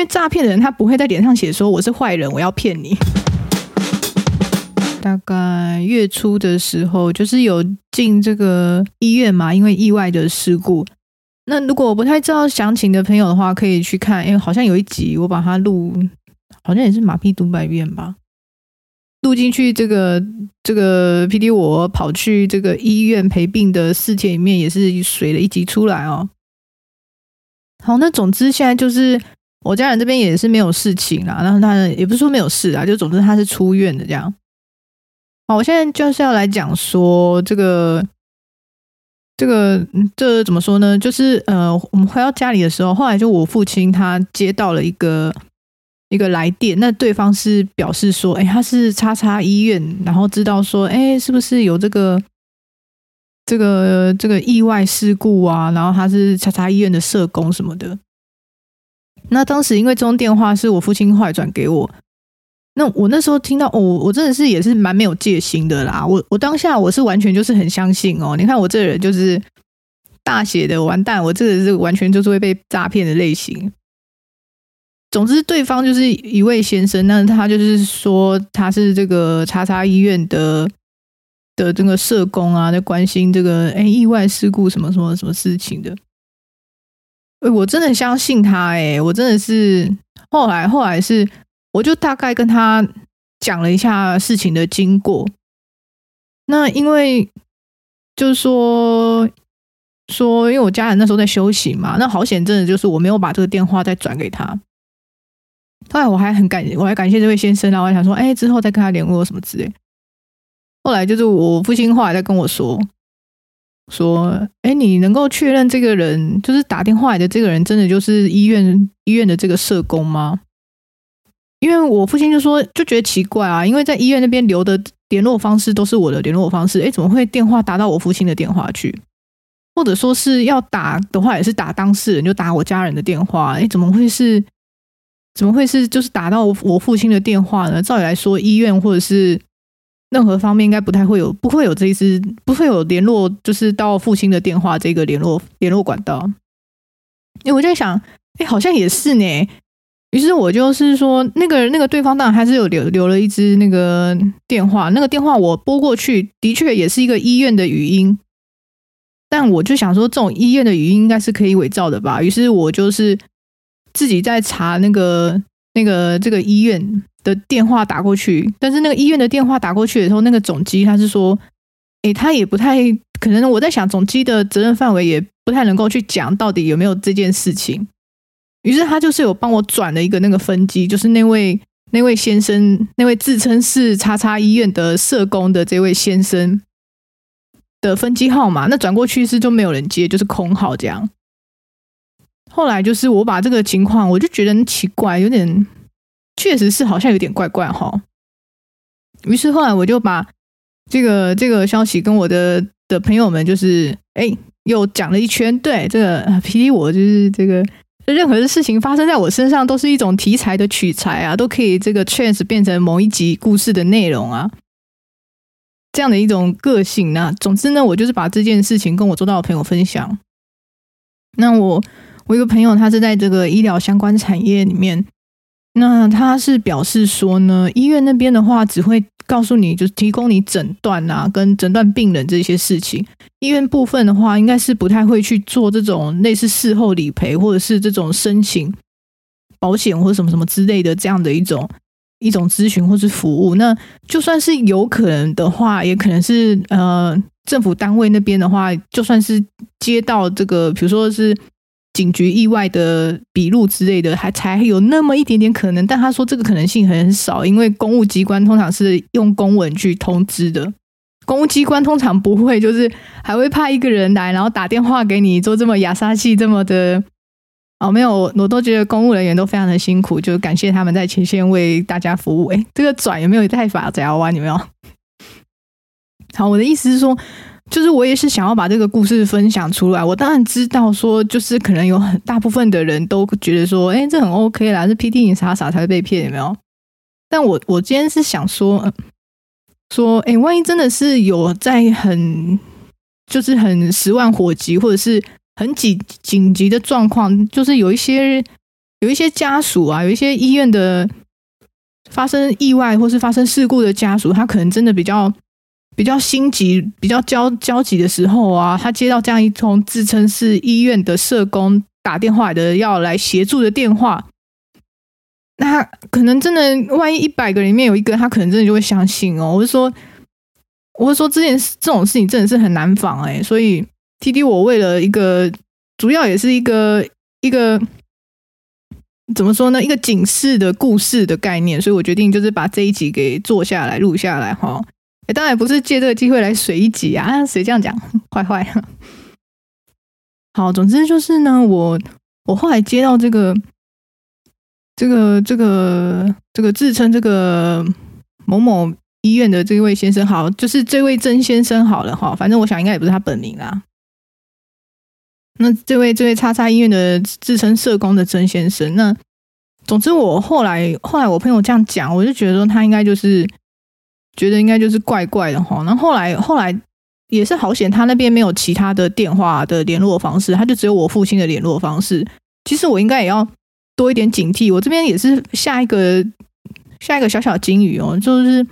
因為詐騙的人他不會在臉上寫說我是壞人，我要騙你。大概月初的時候，就是有進這個醫院嘛，因為意外的事故。那如果我不太知道詳情的朋友的話，可以去看，因、欸、為好像有一集我把它錄，好像也是馬屁讀百遍吧，錄進去這個這個 PD 我跑去這個醫院陪病的事件裡面，也是水了一集出來哦。好，那總之現在就是。我家人這邊也是沒有事情啊，然後他也不是說沒有事啊，就總之他是出院的這樣。好，我現在就是要來講說這個這個這個、怎麼說呢？就是呃，我們回到家裡的時候，後來就我父親他接到了一個一個來電，那對方是表示說，哎、欸，他是叉叉醫院，然後知道說，哎、欸，是不是有這個這個這個意外事故啊？然後他是叉叉醫院的社工什麼的。那當時因為這通電話是我父親後來轉給我，那我那時候聽到，哦，我真的是也是蠻沒有戒心的啦，我我當下我是完全就是很相信哦，你看我這人就是大寫的完蛋，我這個人是完全就是會被詐騙的類型。總之，對方就是一位先生，那他就是說他是這個叉叉醫院的的這個社工啊，在關心這個哎意外事故什麼什麼什麼事情的。欸、我真的相信他誒、欸、我真的是後來後來是，我就大概跟他講了一下事情的經過。那因為就是說說，因為我家人那時候在休息嘛，那好險，真的就是我沒有把這個電話再轉給他。後來我還很感，我還感謝這位先生，然後我還想說，哎、欸，之後再跟他聯絡什麼之類。後來就是我父親後來在跟我說。說，哎，你能夠確認這個人就是打電話來的這個人，真的就是醫院醫院的這個社工嗎？因為我父親就說就覺得奇怪啊，因為在醫院那邊留的聯絡方式都是我的聯絡方式，哎，怎麼會電話打到我父親的電話去？或者說是要打的話，也是打當事人，就打我家人的電話，哎，怎麼會是？怎麼會是？就是打到我我父親的電話呢？照理來說，醫院或者是。任何方面應該不太會有，不會有這一支，不會有聯絡，就是到父親的電話這個聯絡聯絡管道。因為我在想，哎，好像也是呢。於是，我就是說，那個那個對方當然還是有留留了一支那個電話，那個電話我撥過去，的確也是一個醫院的語音。但我就想說，這種醫院的語音應該是可以偽造的吧？於是我就是自己在查那個。那個這個醫院的電話打過去，但是那個醫院的電話打過去的時候，那個總機他是說，誒，他也不太可能。我在想總機的責任範圍也不太能夠去講到底有沒有這件事情。於是他就是有幫我轉了一個那個分機，就是那位那位先生，那位自稱是叉叉醫院的社工的這位先生的分機號碼。那轉過去是就沒有人接，就是空號這樣。後來就是我把這個情況，我就覺得很奇怪，有點確實是好像有點怪怪哈。於是後來我就把這個這個消息跟我的的朋友們就是哎又講了一圈。對這個 ＰＤ 我就是這個，任何的事情發生在我身上都是一種題材的取材啊，都可以這個確實變成某一集故事的內容啊，這樣的一種個性呢、啊。總之呢，我就是把這件事情跟我周遭的朋友分享，那我。我一個朋友，他是在這個醫療相關產業裡面。那他是表示說呢，醫院那邊的話只會告訴你，就是提供你診斷啊，跟診斷病人這些事情。醫院部分的話，應該是不太會去做這種類似事後理賠，或者是這種申請保險或什麼什麼之類的這樣的一種一種諮詢或是服務。那就算是有可能的話，也可能是呃，政府單位那邊的話，就算是接到這個，比如說是。警局意外的筆錄之類的，還才有那麼一點點可能。但他說這個可能性很少，因為公務機關通常是用公文去通知的，公務機關通常不會，就是還會派一個人來，然後打電話給你做這麼雅殺氣這麼的。哦，沒有，我都覺得公務人員都非常的辛苦，就感謝他們在前線為大家服務。哎、欸，這個轉有沒有太複雜啊？有沒有？好，我的意思是說。就是我也是想要把這個故事分享出來。我當然知道說，就是可能有很大部分的人都覺得說，哎、欸，這很 OK 啦，這 PT 你傻傻才會被騙，有沒有？但我我今天是想說，嗯、說，哎、欸，萬一真的是有在很，就是很十萬火急，或者是很緊緊急的狀況，就是有一些有一些家屬啊，有一些醫院的發生意外或是發生事故的家屬，他可能真的比較。比較心急、比較焦焦急的時候啊，他接到這樣一通自稱是醫院的社工打電話的，要來協助的電話，那可能真的，萬一一百個裡面有一個，他可能真的就會相信哦。我是說，我是說，這件事這種事情真的是很難防誒、欸、所以，PD，我為了一個主要也是一個一個怎麼說呢？一個警示的故事的概念，所以我決定就是把這一集給做下來、錄下來哈。欸、當然不是借這個機會來水一集啊！誰這樣講，壞壞。好，總之就是呢，我我後來接到這個這個這個這個自稱這個某某醫院的這位先生，好，就是這位曾先生，好了哈，反正我想應該也不是他本名啦。那這位這位叉叉醫院的自稱社工的曾先生，那總之我後來後來我朋友這樣講，我就覺得說他應該就是。覺得應該就是怪怪的哈，然後，後來後來也是好險，他那邊沒有其他的電話的聯絡方式，他就只有我父親的聯絡方式。其實我應該也要多一點警惕，我這邊也是下一個下一個小小金魚哦。就是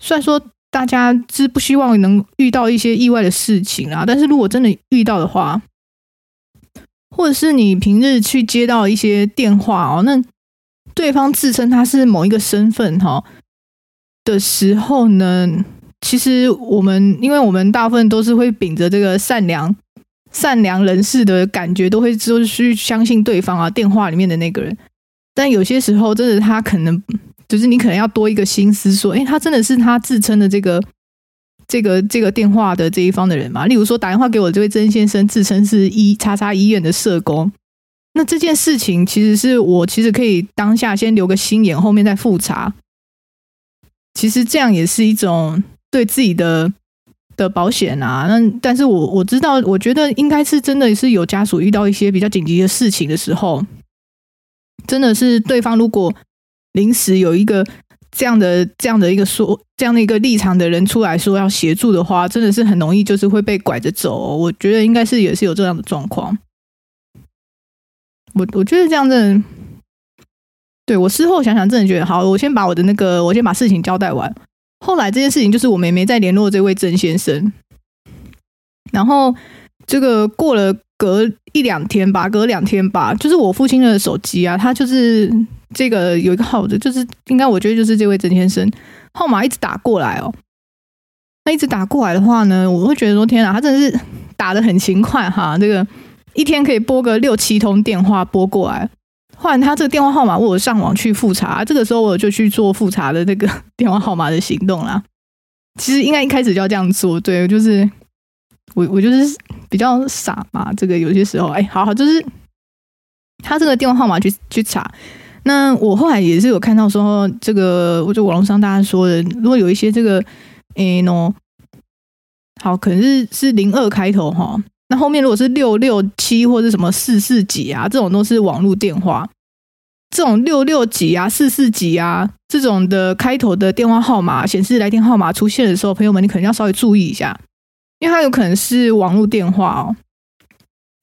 雖然說大家是不希望能遇到一些意外的事情啊，但是如果真的遇到的話，或者是你平日去接到一些電話哦，那對方自稱他是某一個身份哈、哦。的時候呢，其實我們，因為我們大部分都是會秉着這個善良、善良人士的感覺，都會就是去相信對方啊，電話裡面的那個人。但有些時候，真的他可能，就是你可能要多一個心思，說，誒，他真的是他自稱的這個、這個、這個電話的這一方的人嘛？例如說，打電話給我的這位曾先生自稱是醫 XX 醫院的社工，那這件事情其實是我其實可以當下先留個心眼，後面再復查。其實這樣也是一種對自己的的保險啊。那但是我我知道，我覺得應該是真的是有家屬遇到一些比較緊急的事情的時候，真的是對方如果臨時有一個這樣的這樣的一個說這樣的一個立場的人出來說要協助的話，真的是很容易就是會被拐着走哦，我覺得應該是也是有這樣的狀況。我我覺得這樣真的。對我事後想想，真的覺得好。我先把我的那個，我先把事情交代完。後來這件事情就是我妹妹在聯絡這位曾先生，然後這個過了隔一兩天吧，隔兩天吧，就是我父親的手機啊，他就是這個有一個號的，就是應該我覺得就是這位曾先生號碼一直打過來哦。他一直打過來的話呢，我會覺得說天啊，他真的是打得很勤快哈，這個一天可以撥個六七通電話撥過來。換他這個電話號碼，我上網去複查。這個時候我就去做複查的這個電話號碼的行動啦。其實應該一開始就要這樣做，對，就是我我就是比較傻嘛。這個有些時候，哎、欸，好好，就是他這個電話號碼去去查。那我後來也是有看到說，這個我就網上大家說的，如果有一些這個誒喏，A、no, 好，可能是是零二開頭哈。那後面如果是六六七或者什麼四四幾啊，這種都是網絡電話。這種六六幾啊、四四幾啊這種的開頭的電話號碼顯示來電號碼出現的時候，朋友們，你可能要稍微注意一下，因為它有可能是網絡電話哦。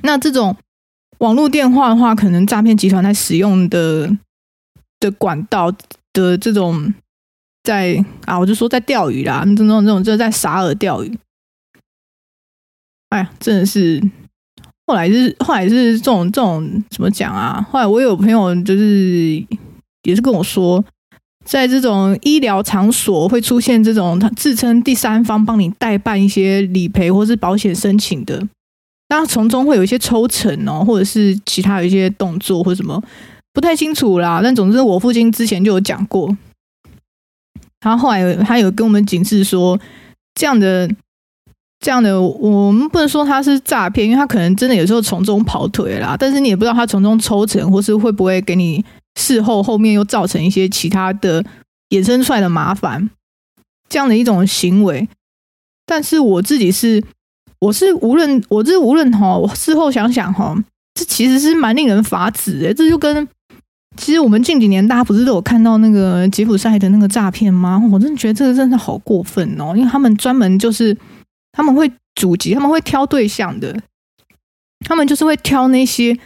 那這種網絡電話的話，可能詐騙集團在使用的的管道的這種在啊，我就說在釣魚啦，那這種那這種就在撒餌釣魚。哎呀，真的是，後來是後來是這種這種怎麼講啊？後來我有朋友就是也是跟我說，在這種醫療場所會出現這種他自稱第三方幫你代辦一些理賠或是保險申請的，當然從中會有一些抽成哦，或者是其他的一些動作或什麼，不太清楚啦。但總之，我父親之前就有講過，他後，後來他有跟我們警示說這樣的。這樣的，我們不能說他是詐騙，因為他可能真的有時候從中跑腿啦，但是你也不知道他從中抽成，或是會不會給你事後後面又造成一些其他的衍生出來的麻煩，這樣的一種行為。但是我自己是，我是無論我這無論齁，我事後想想齁，這其實是蠻令人髮指的。這就跟其實我們近幾年大家不是都有看到那個吉普賽的那個詐騙嗎？我真的覺得這個真的好過分哦，因為他們專門就是。他們會狙擊，他們會挑對象的。他們就是會挑那些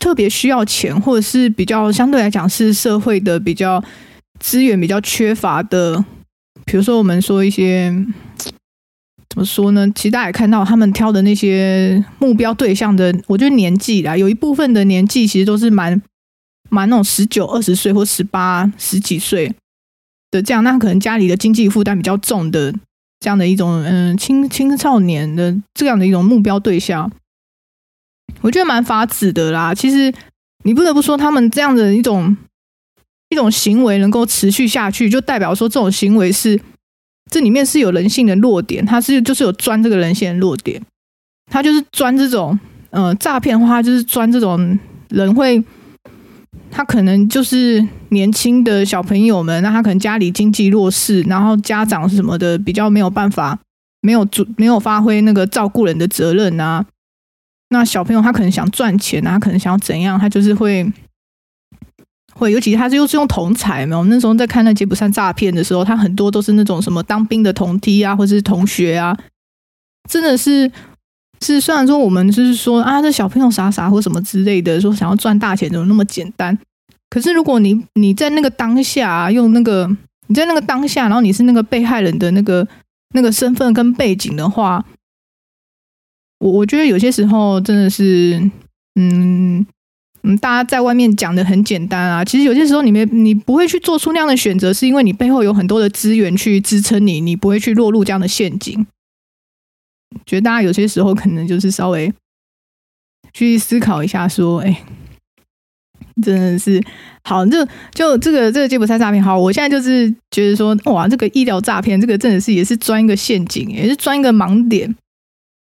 特別需要錢，或者是比較相對來講是社會的比較資源比較缺乏的。比如說，我們說一些怎麼說呢？其實大家也看到他們挑的那些目標對象的，我覺得年紀啦，有一部分的年紀其實都是蠻蠻那種十九、二十歲或十八、十幾歲的這樣。那可能家裡的經濟負擔比較重的。這樣的一種嗯，青青少年的這樣的一種目標對象，我覺得蠻髮指的啦。其實你不得不說，他們這樣的一種一種行為能夠持續下去，就代表說這種行為是這裡面是有人性的弱點，他是就是有鑽這個人性的弱點，他就是鑽這種嗯、呃、詐騙話，就是鑽這種人會。他可能就是年輕的小朋友們，那他可能家裡經濟弱勢，然後家長什麼的比較沒有辦法，沒有做、沒有發揮那個照顧人的責任啊。那小朋友他可能想賺錢啊，他可能想要怎樣，他就是會會，尤其是他是又是用同儕嘛。我們那時候在看那柬埔寨詐騙的時候，他很多都是那種什麼當兵的同梯啊，或者是同學啊，真的是。是，雖然說我們就是說啊，這小朋友傻傻或什麼之類的，說想要賺大錢怎麼那麼簡單？可是如果你你在那個當下啊，用那個你在那個當下，然後你是那個被害人的那個那個身份跟背景的話，我我覺得有些時候真的是，嗯嗯，大家在外面講的很簡單啊，其實有些時候你沒你不會去做出那樣的選擇，是因為你背後有很多的資源去支撐你，你不會去落入這樣的陷阱。覺得大家有些時候可能就是稍微去思考一下，說，哎、欸，真的是好，就就這個這個吉普賽詐騙，好，我現在就是覺得說，哇，這個醫療詐騙，這個真的是也是鑽一個陷阱，也是鑽一個盲點。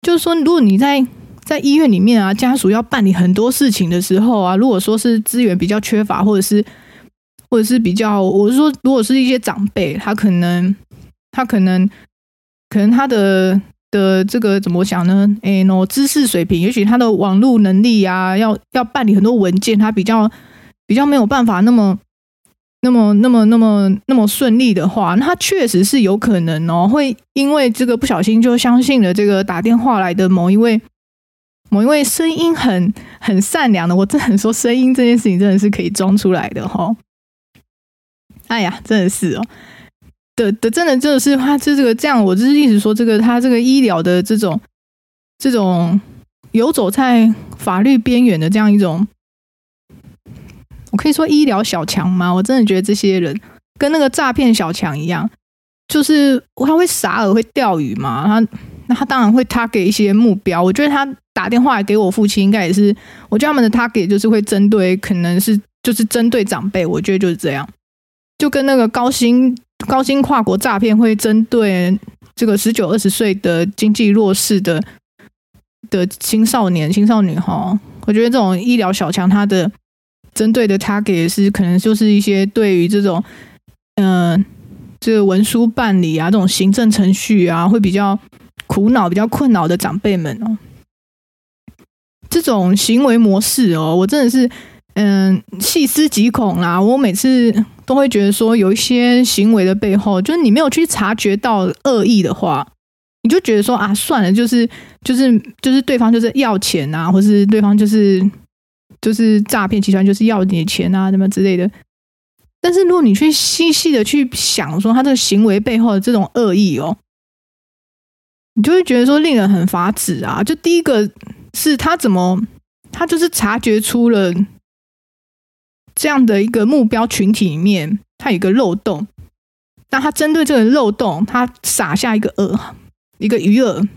就是說，如果你在在醫院裡面啊，家屬要辦理很多事情的時候啊，如果說是資源比較缺乏，或者是或者是比較，我是說，如果是一些長輩，他可能他可能可能他的。的這個怎麼講呢？欸，喏，知識水平，也許他的網絡能力啊，要要辦理很多文件，他比較比較沒有辦法那麼那麼那麼那麼那麼順利的話，那他確實是有可能哦，會因為這個不小心就相信了這個打電話來的某一位某一位聲音很很善良的。我真的很說聲音這件事情真的是可以裝出來的哦。哎呀，真的是哦。的的，的真的，真的是他，這這個這樣。我就是一直說這個，他這個醫療的這種，這種遊走在法律邊緣的這樣一種，我可以說醫療小強嗎？我真的覺得這些人跟那個詐騙小強一樣，就是他會撒餌，會釣魚嘛。他那他當然會，target 一些目標。我覺得他打電話給我父親，應該也是。我覺得他們的 target 就是會針對，可能是就是針對長輩。我覺得就是這樣，就跟那個高薪。高薪跨國詐騙會針對這個十九二十歲的經濟弱勢的的青少年、青少女哈、哦，我覺得這種醫療小強，他的針對的 target 是可能就是一些對於這種嗯、呃，這個文書辦理啊、這種行政程序啊，會比較苦惱、比較困擾的長輩們哦。這種行為模式哦，我真的是嗯、呃，細思極恐啦、啊！我每次，會覺得說有一些行為的背後，就是你沒有去察覺到惡意的話，你就覺得說啊，算了，就是就是就是對方就是要錢啊，或是對方就是就是詐騙集團就是要你錢啊，什麼之類的。但是如果你去細細的去想說他這個行為背後的這種惡意哦，你就會覺得說令人很發指啊！就第一個是他怎麼，他就是察覺出了。這樣的一個目標群體裡面，它有個漏洞，但他針對這個漏洞，它撒下一個餌，一個魚餌，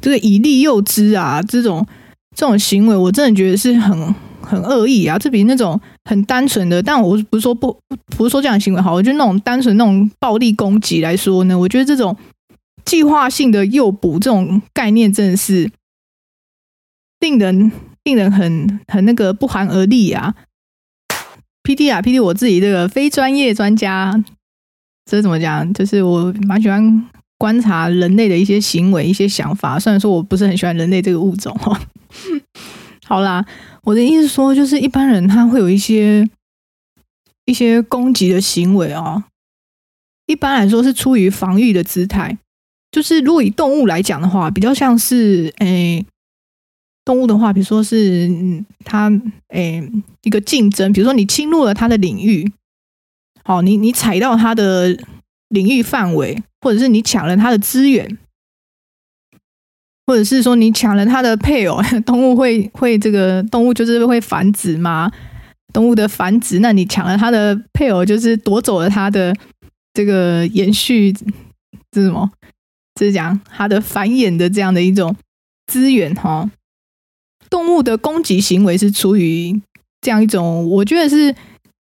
這個以利誘之啊，這種這種行為，我真的覺得是很很惡意啊。這比那種很單純的，但我不是說不不是說這樣的行為好，我覺得那種單純那種暴力攻擊來說呢，我覺得這種計劃性的誘捕這種概念，真的是令人。令人很很那個不寒而慄啊！P D 啊，P D，我自己這個非專業專家，這怎麼講？就是我蠻喜歡觀察人類的一些行為、一些想法。雖然說我不是很喜歡人類這個物種哦。 好啦，我的意思說，就是一般人他會有一些一些攻擊的行為哦、啊。一般來說是出於防禦的姿態。就是如果以動物來講的話，比較像是誒。動物的話，比如說是它誒、欸、一個競爭，比如說你侵入了它的領域，好，你你踩到它的領域範圍，或者是你搶了它的資源，或者是說你搶了它的配偶，動物會會，這個動物就是會繁殖嘛？動物的繁殖，那你搶了它的配偶，就是奪走了它的這個延續，這什麼？就是講它的繁衍的這樣的一種資源，哈、哦。動物的攻擊行為是出於這樣一種，我覺得是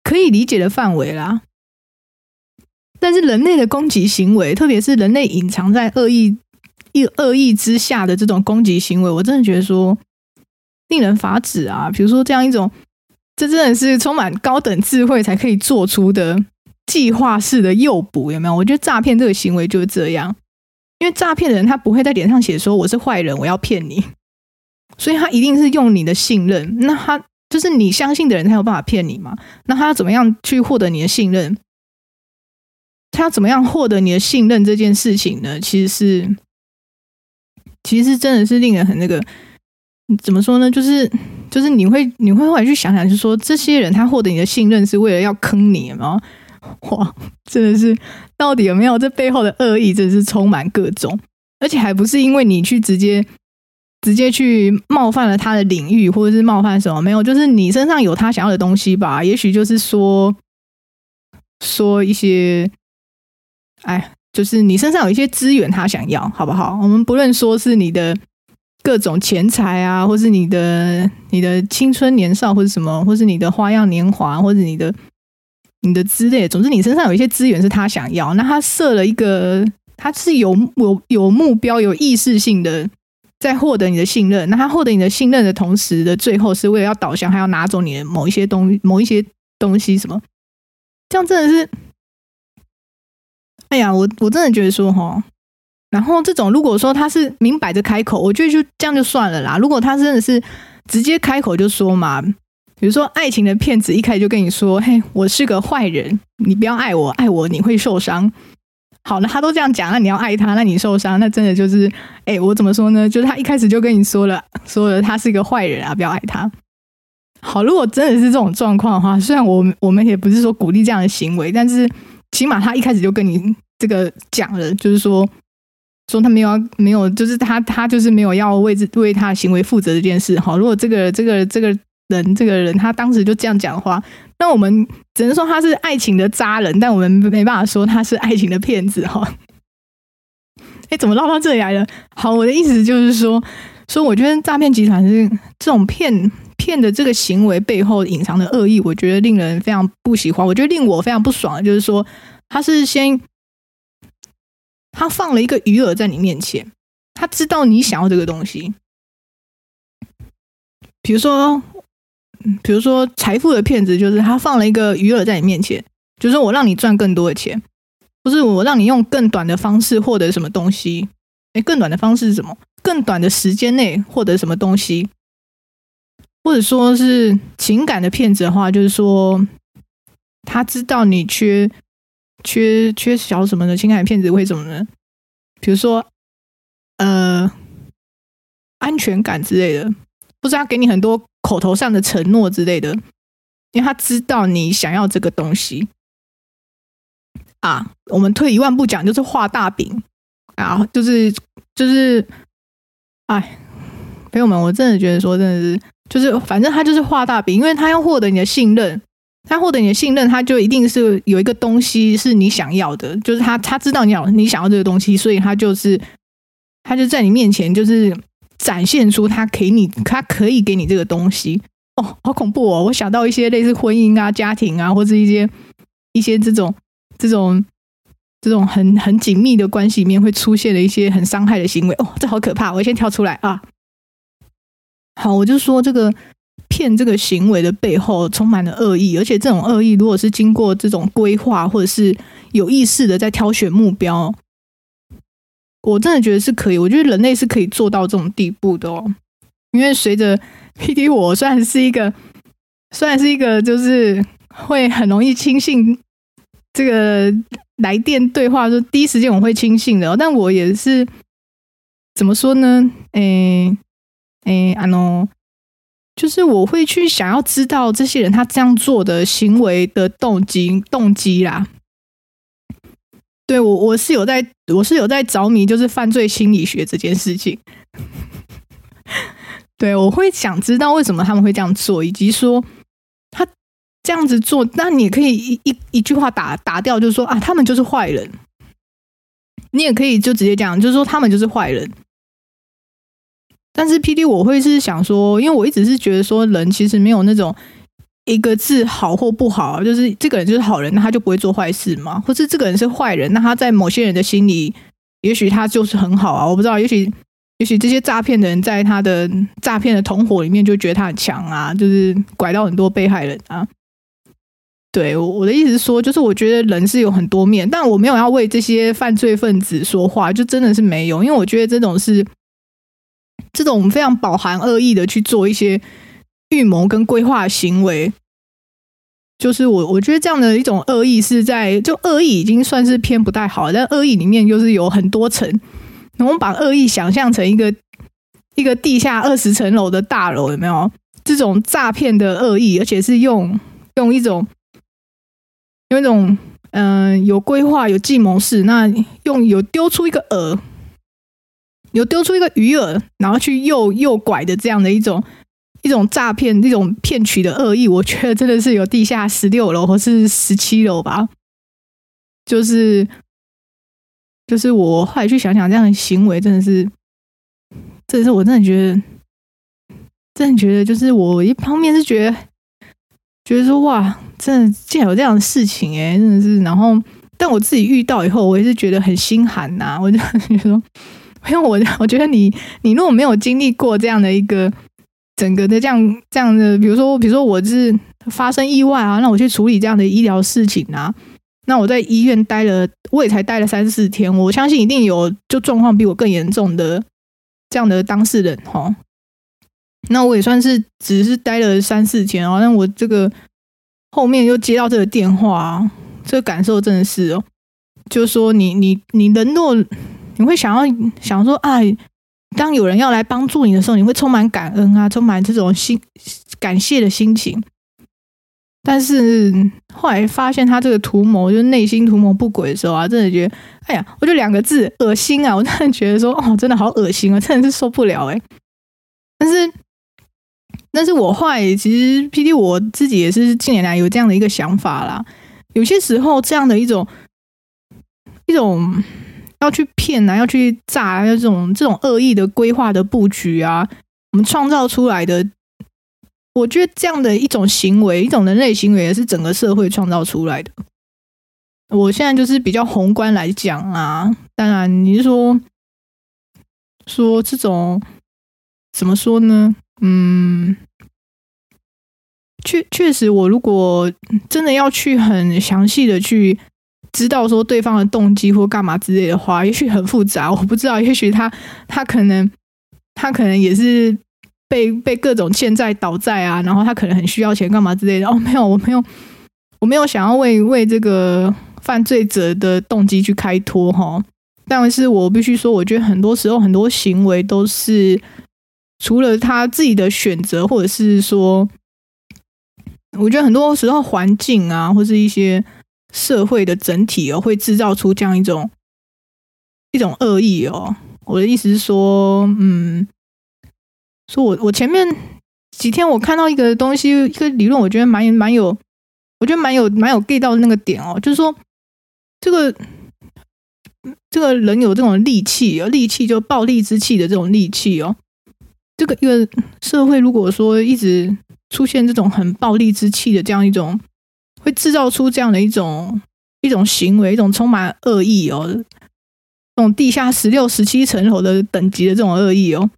可以理解的範圍啦。但是人類的攻擊行為，特別是人類隱藏在惡意、惡惡意之下的這種攻擊行為，我真的覺得說令人髮指啊！比如說這樣一種，這真的是充滿高等智慧才可以做出的計劃式的誘捕，有沒有？我覺得詐騙這個行為就是這樣，因為詐騙的人他不會在臉上寫說我是壞人，我要騙你。所以他一定是用你的信任，那他就是你相信的人他有辦法騙你嘛。那他要怎麼樣去獲得你的信任？他要怎麼樣獲得你的信任這件事情呢？其實是，其實真的是令人很那個，怎麼說呢？就是就是你會你會後來去想想就是，就說這些人他獲得你的信任是為了要坑你嗎？哇，真的是到底有沒有這背後的惡意？真的是充滿各種，而且還不是因為你去直接。直接去冒犯了他的領域，或者是冒犯什麼？沒有，就是你身上有他想要的東西吧。也許就是說，說一些，哎，就是你身上有一些資源，他想要，好不好？我們不論說是你的各種錢財啊，或是你的你的青春年少，或是什麼，或是你的花樣年華，或者你的你的之類的。總之，你身上有一些資源是他想要。那他設了一個，他是有有有目標、有意識性的。在獲得你的信任，那他獲得你的信任的同時的最後，是為了要導向，還要拿走你的某一些東西，某一些東西什麼？這樣真的是，哎呀，我我真的覺得說哈，然後這種如果說他是明擺着開口，我覺得就這樣就算了啦。如果他真的是直接開口就說嘛，比如說愛情的騙子一開始就跟你說：“嘿，我是個壞人，你不要愛我，愛我你會受傷。”好，那他都這樣講，那你要愛他，那你受傷，那真的就是，哎、欸，我怎麼說呢？就是他一開始就跟你說了，說了他是一個壞人啊，不要愛他。好，如果真的是這種狀況的話，雖然我我們也不是說鼓勵這樣的行為，但是起碼他一開始就跟你這個講了，就是說，說他沒有沒有，就是他他就是沒有要為為他的行為負責這件事。好，如果這個這個這個人這個人他當時就這樣講的話。那我們只能說他是愛情的渣人，但我們沒辦法說他是愛情的騙子哈、哦。哎，怎麼嘮到這裡來了？好，我的意思就是說，說我覺得詐騙集團是這種騙騙的這個行為背後隱藏的惡意，我覺得令人非常不喜歡。我覺得令我非常不爽的就是說，他是先他放了一個魚餌在你面前，他知道你想要這個東西，比如說。比如說，財富的騙子就是他放了一個魚餌在你面前，就是說我讓你賺更多的錢，不是我讓你用更短的方式獲得什麼東西。哎，更短的方式是什麼？更短的時間內獲得什麼東西？或者說是情感的騙子的話，就是說他知道你缺缺缺少什麼的。情感騙子為什麼呢？比如說，呃，安全感之類的，不是他給你很多，口頭上的承諾之類的，因為他知道你想要這個東西啊。我們退一萬步講，就是畫大餅啊，就是就是，哎，朋友們，我真的覺得說，真的是就是，反正他就是畫大餅，因為他要獲得你的信任，他獲得你的信任，他就一定是有一個東西是你想要的，就是他他知道你要你想要這個東西，所以他就是他就在你面前就是。展現出他給你，他可以給你這個東西哦，好恐怖哦！我想到一些類似婚姻啊、家庭啊，或者一些一些這種這種這種很很緊密的關係裡面會出現了一些很傷害的行為哦，這好可怕！我先跳出來啊！好，我就說這個騙這個行為的背後充滿了惡意，而且這種惡意如果是經過這種規劃，或者是有意識的在挑選目標。我真的覺得是可以，我覺得人類是可以做到這種地步的哦、喔。因為隨着 PD，我,我雖然是一個，雖然是一個，就是會很容易輕信這個來電對話，就第一時間我會輕信的、喔。但我也是怎麼說呢？哎誒啊 no，就是我會去想要知道這些人他這樣做的行為的動機，動機啦。對，我我是有在，我是有在着迷，就是犯罪心理學這件事情。 對，我會想知道為什麼他們會這樣做，以及說他這樣子做，那你可以一一一句話打打掉，就是說啊，他們就是壞人。你也可以就直接這樣，就是說他們就是壞人。但是 PD 我會是想說，因為我一直是覺得說人其實沒有那種。一個字，好或不好，就是這個人就是好人，那他就不會做壞事嗎？或是這個人是壞人，那他在某些人的心裡，也許他就是很好啊，我不知道。也許也許這些詐騙的人，在他的詐騙的同夥裡面，就覺得他很強啊，就是拐到很多被害人啊。對，我我的意思是說，就是我覺得人是有很多面，但我沒有要為這些犯罪分子說話，就真的是沒有，因為我覺得這種是這種非常飽含惡意的去做一些，預謀跟規劃行為，就是我我覺得這樣的一種惡意，是在就惡意已經算是偏不太好了，但惡意裡面就是有很多層。然後我們把惡意想象成一個一個地下二十層樓的大樓，有沒有這種詐騙的惡意？而且是用用一種有一種嗯、呃、有規劃、有計謀式，那用有丟出一個餌，有丟出一個魚餌，然後去誘誘拐的這樣的一種，一種詐騙，這種騙取的惡意，我覺得真的是有地下十六樓或是十七樓吧，就是就是我後來去想想，這樣的行為真的是，真的是我真的覺得，真的覺得就是我一方面是覺得，覺得說哇，真的竟然有這樣的事情欸，真的是，然後但我自己遇到以後，我也是覺得很心寒吶。我就跟你說，因為我我覺得你你如果沒有經歷過這樣的一個。整個的這樣這樣的，比如說，比如說我是發生意外啊，那我去處理這樣的醫療事情啊，那我在醫院待了，我也才待了三四天，我相信一定有就狀況比我更嚴重的這樣的當事人哈哦。那我也算是只是待了三四天啊哦，那我這個後面又接到這個電話啊，這個感受真的是哦，就是說你你你人落，你會想要想說哎。當有人要來幫助你的時候，你會充滿感恩啊，充滿這種心感謝的心情。但是後來發現他這個圖謀，就是內心圖謀不軌的時候啊，真的覺得，哎呀，我就兩個字，噁心啊！我真的覺得說，哦，真的好噁心啊，我真的是受不了哎、欸。但是，但是我後來其實 PD 我自己也是近年來有這樣的一個想法啦。有些時候這樣的一種一種。要去騙啊，要去炸啊，這種這種惡意的規劃的布局啊，我們創造出來的，我覺得這樣的一種行為，一種人類行為，也是整個社會創造出來的。我現在就是比較宏觀來講啊，當然你是說，說這種，怎麼說呢？嗯，確確實，我如果真的要去很詳細的去，知道說對方的動機或幹嘛之類的話，也許很複雜，我不知道。也許他他可能他可能也是被被各種欠債倒債啊，然後他可能很需要錢幹嘛之類的。哦，沒有，我沒有，我沒有想要為為這個犯罪者的動機去開脫齁。但是我必須說，我覺得很多時候很多行為都是除了他自己的選擇，或者是說，我覺得很多時候環境啊，或是一些。社會的整體哦，會制造出這樣一種一種惡意哦。我的意思是說，嗯，說我我前面幾天我看到一個東西，一個理論，我覺得蠻蠻有，我覺得蠻有蠻有 get 到的那個點哦，就是說，這個這個人有這種戾氣有、哦、戾氣就暴戾之氣的這種戾氣哦。這個一個社會如果說一直出現這種很暴戾之氣的這樣一種。會制造出這樣的一種一種行為，一種充滿惡意哦，這種地下十六十七層樓的等級的這種惡意哦，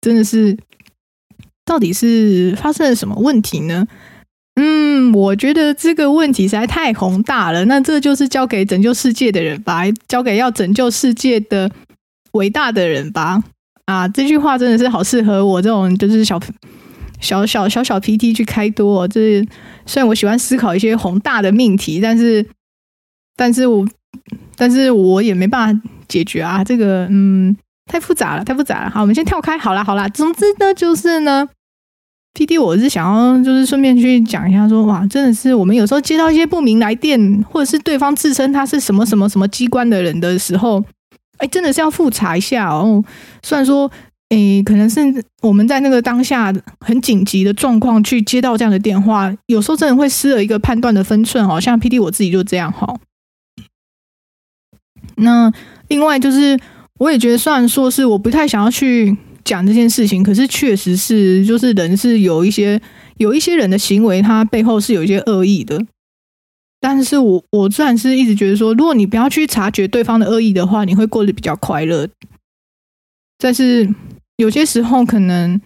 真的是，到底是發生了什麼問題呢？嗯，我覺得這個問題實在太宏大了，那這就是交給拯救世界的人吧，交給要拯救世界的偉大的人吧。啊，這句話真的是好適合我這種就是小。小小小小 PD 去開多、哦，就是雖然我喜歡思考一些宏大的命題，但是，但是我，但是我也沒辦法解決啊。這個嗯，太複雜了，太複雜了。好，我們先跳開。好啦好啦，總之呢，就是呢，PD 我是想要就是順便去講一下說，說哇，真的是我們有時候接到一些不明來電，或者是對方自稱他是什麼什麼什麼機關的人的時候，哎、欸，真的是要複查一下哦。嗯、雖然說。誒，可能是我們在那個當下很緊急的狀況去接到這樣的電話，有時候真的會失了一個判斷的分寸哦。像 PD 我自己就這樣哈。那另外就是，我也覺得，雖然說是我不太想要去講這件事情，可是確實是，就是人是有一些，有一些人的行為，他背後是有一些惡意的。但是我我自然是一直覺得說，如果你不要去察覺對方的惡意的話，你會過得比較快樂。但是。有些時候可能，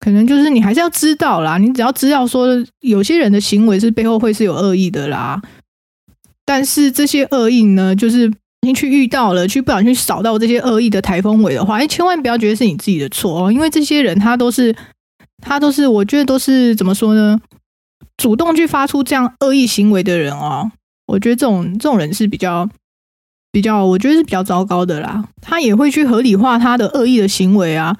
可能就是你還是要知道啦。你只要知道說，有些人的行為是背後會是有惡意的啦。但是這些惡意呢，就是你去遇到了，去不小心去掃到這些惡意的台風尾的話，你千萬不要覺得是你自己的錯哦。因為這些人他都是，他都是，我覺得都是怎麼說呢？主動去發出這樣惡意行為的人哦，我覺得這種這種人是比較。比較，我覺得是比較糟糕的啦。他也會去合理化他的惡意的行為啊。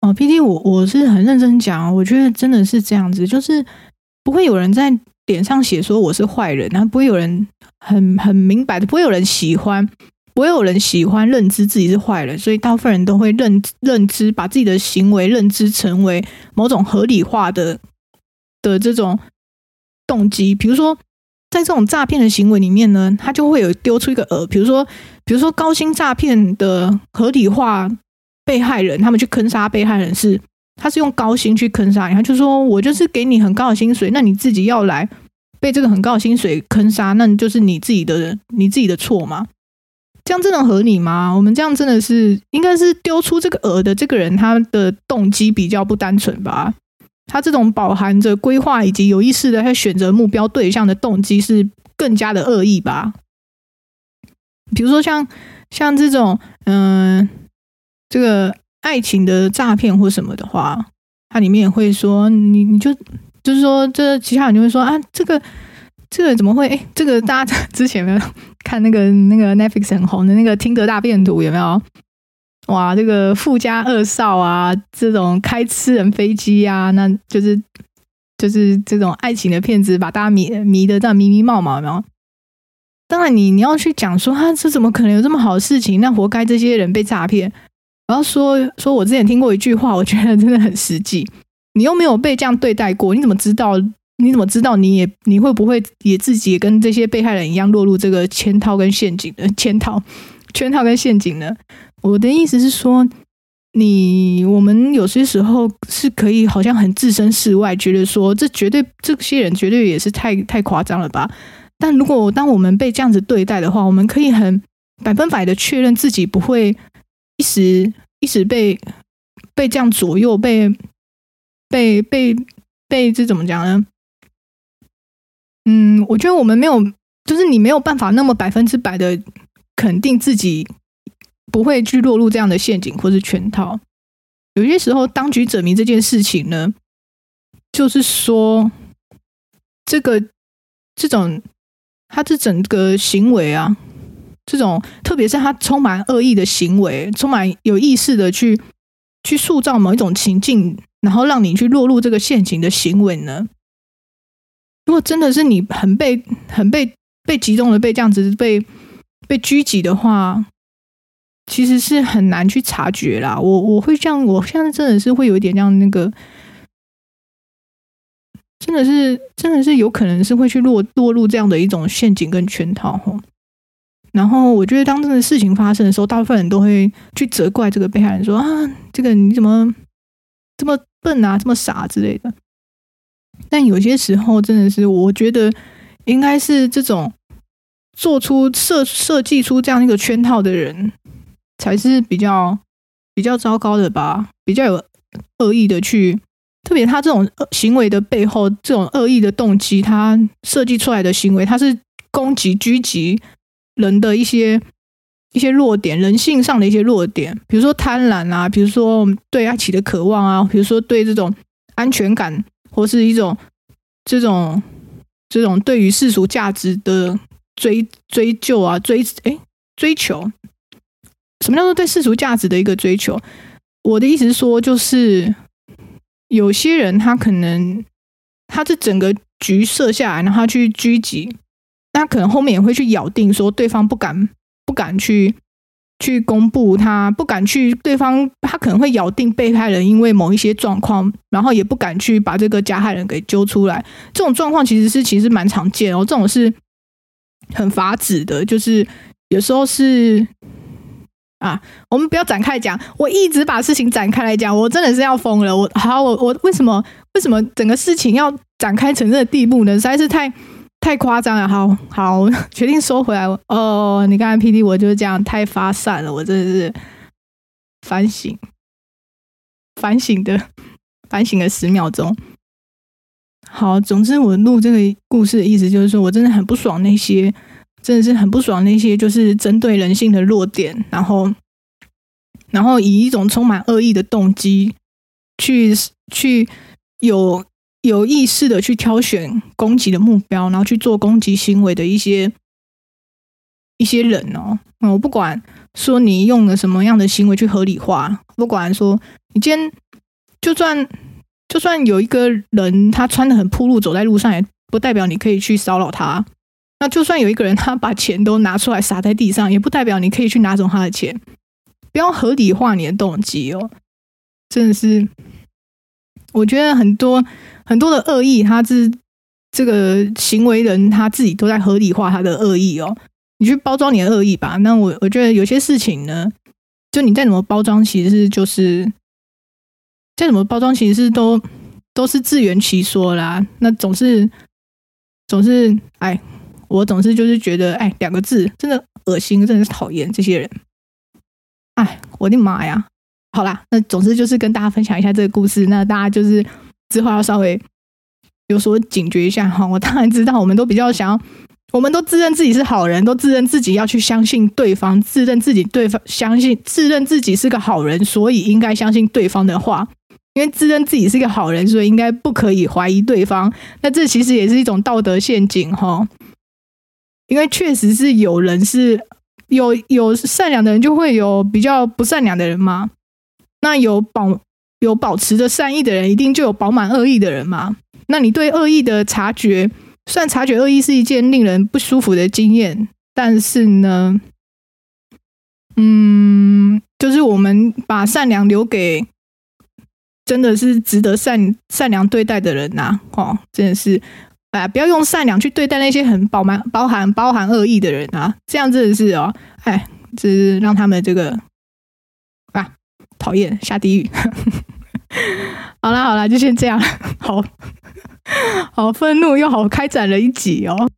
哦，PD，我我是很認真講，我覺得真的是這樣子，就是不會有人在臉上寫說我是壞人啊，不會有人很很明白的，不會有人喜歡，不會有人喜歡認知自己是壞人，所以大部分人都會認認知，把自己的行為認知成為某種合理化的的這種動機，比如說。在這種詐騙的行為裡面呢，他就會有丟出一個餌，比如說，比如說高薪詐騙的合理化被害人，他們去坑殺被害人是，他是用高薪去坑殺，然後就說，我就是給你很高的薪水，那你自己要來被這個很高的薪水坑殺，那你就是你自己的，你自己的錯嘛？這樣真的合理嗎？我們這樣真的是應該是丟出這個餌的這個人，他的動機比較不單純吧？他這種飽含着規劃以及有意識的，他選擇目標對象的動機是更加的惡意吧？比如說像像這種，嗯、呃，這個愛情的詐騙或什麼的話，它裡面也會說，你你就就是說，這其他人就會說，啊，這個這個怎麼會？誒、欸、這個大家之前有沒有看那個那個 Netflix 很紅的那個《聽歌大便圖》有沒有？哇，這個富家二少啊，這種開私人飛機啊，那就是就是這種愛情的騙子，把大家迷迷得這樣迷迷茫茫。然後，當然你你要去講說，他、啊、這怎麼可能有這麼好的事情？那活該這些人被詐騙。我要說說我之前聽過一句話，我覺得真的很實際。你又沒有被這樣對待過，你怎麼知道？你怎麼知道你也你會不會也自己也跟這些被害人一樣落入這個圈套跟陷阱的、呃、圈套圈套跟陷阱呢？我的意思是說，你我們有些時候是可以好像很置身事外，覺得說這絕對這些人絕對也是太太誇張了吧？但如果當我們被這樣子對待的話，我們可以很百分百的確認自己不會一時一時被被這樣左右，被被被被這怎麼講呢？嗯，我覺得我們沒有，就是你沒有辦法那麼百分之百的肯定自己。不會去落入這樣的陷阱，或是圈套。有些時候，當局者迷這件事情呢，就是說，這個這種他這整個行為啊，這種特別是他充滿惡意的行為，充滿有意識的去去塑造某一種情境，然後讓你去落入這個陷阱的行為呢。如果真的是你很被很被被集中了，被這樣子被被狙擊的話，其實是很難去察覺啦，我我會像我現在真的是會有一點像那個，真的是真的是有可能是會去落落入這樣的一種陷阱跟圈套哈。然後我覺得當這個事情發生的時候，大部分人都會去責怪這個被害人說啊，這個你怎麼這麼笨啊，這麼傻之類的。但有些時候真的是，我覺得應該是這種做出設設計出這樣一個圈套的人。才是比較比較糟糕的吧，比較有惡意的去，特別他這種行為的背後，這種惡意的動機，他設計出來的行為，他是攻擊、狙擊人的一些一些弱點，人性上的一些弱點，比如說貪婪啊，比如說對愛情的渴望啊，比如說對這種安全感或是一種這種這種對於世俗價值的追追究啊，追哎、欸、追求。什麼叫做對世俗價值的一個追求？我的意思是說，就是有些人他可能他這整個局設下來，然後他去狙擊，那可能後面也會去咬定說對方不敢不敢去去公布他，他不敢去對方他可能會咬定被害人因為某一些狀況，然後也不敢去把這個加害人給揪出來。這種狀況其實是其實蠻常見的哦，這種是很髮指的，就是有時候是。啊，我們不要展開講。我一直把事情展開來講，我真的是要瘋了。我好，我我為什麼為什麼整個事情要展開成這個地步呢？實在是太太誇張了。好好，我決定收回來。哦，你剛才 PD，我就是這樣，太發散了。我真的是反省，反省的反省了十秒鐘。好，總之我錄這個故事的意思就是說，我真的很不爽那些。真的是很不爽，那些就是針對人性的弱點，然後，然後以一種充滿惡意的動機，去去有有意識的去挑選攻擊的目標，然後去做攻擊行為的一些一些人哦。我、嗯、不管說你用了什麼樣的行為去合理化，不管說你今天就算就算有一個人他穿的很暴露走在路上，也不代表你可以去騷擾他。那就算有一個人，他把錢都拿出來撒在地上，也不代表你可以去拿走他的錢。不要合理化你的動機哦！真的是，我覺得很多很多的惡意，他是這個行為人他自己都在合理化他的惡意哦。你去包裝你的惡意吧。那我我覺得有些事情呢，就你再怎麼包裝，其實是就是再怎麼包裝，其實都都是自圓其說啦。那總是總是哎。唉我總是就是覺得，哎，兩個字真的噁心，真的是討厭這些人。哎，我的媽呀！好啦，那總之就是跟大家分享一下這個故事，那大家就是之後要稍微有所警覺一下哈。我當然知道，我們都比較想要，我們都自認自己是好人，都自認自己要去相信對方，自認自己對方相信，自認自己是個好人，所以應該相信對方的話。因為自認自己是一個好人，所以應該不可以懷疑對方。那這其實也是一種道德陷阱哈。因為確實是有人是有有善良的人，就會有比較不善良的人嘛。那有保有保持着善意的人，一定就有飽滿惡意的人嘛。那你對惡意的察覺，算察覺惡意是一件令人不舒服的經驗，但是呢，嗯，就是我們把善良留給真的是值得善善良對待的人吶、啊。哦，真的是。啊、不要用善良去對待那些很飽滿、包含、包含惡意的人啊！這樣真的是哦，哎，就是讓他們這個啊討厭下地獄。 好了好了，就先這樣。好好憤怒又好開展了一集哦。